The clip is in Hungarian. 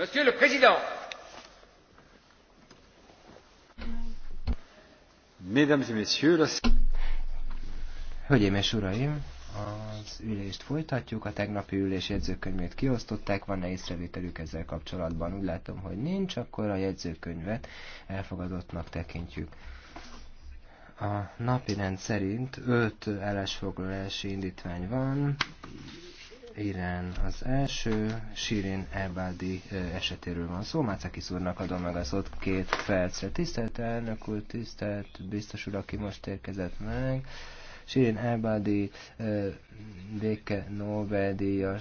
Monsieur le Président. Mesdames et Messieurs, la... Hölgyeim és Uraim, az ülést folytatjuk, a tegnapi ülés jegyzőkönyvét kiosztották, van-e észrevételük ezzel kapcsolatban? Úgy látom, hogy nincs, akkor a jegyzőkönyvet elfogadottnak tekintjük. A napi rend szerint 5 állásfoglalási indítvány van, Irán az első, Sirin Ebádi esetéről van szó. Mácaki úrnak adom meg a ott két percre. Tisztelt elnök úr, tisztelt biztos úr, aki most érkezett meg. Sirin Ebádi béke Nobel-díjas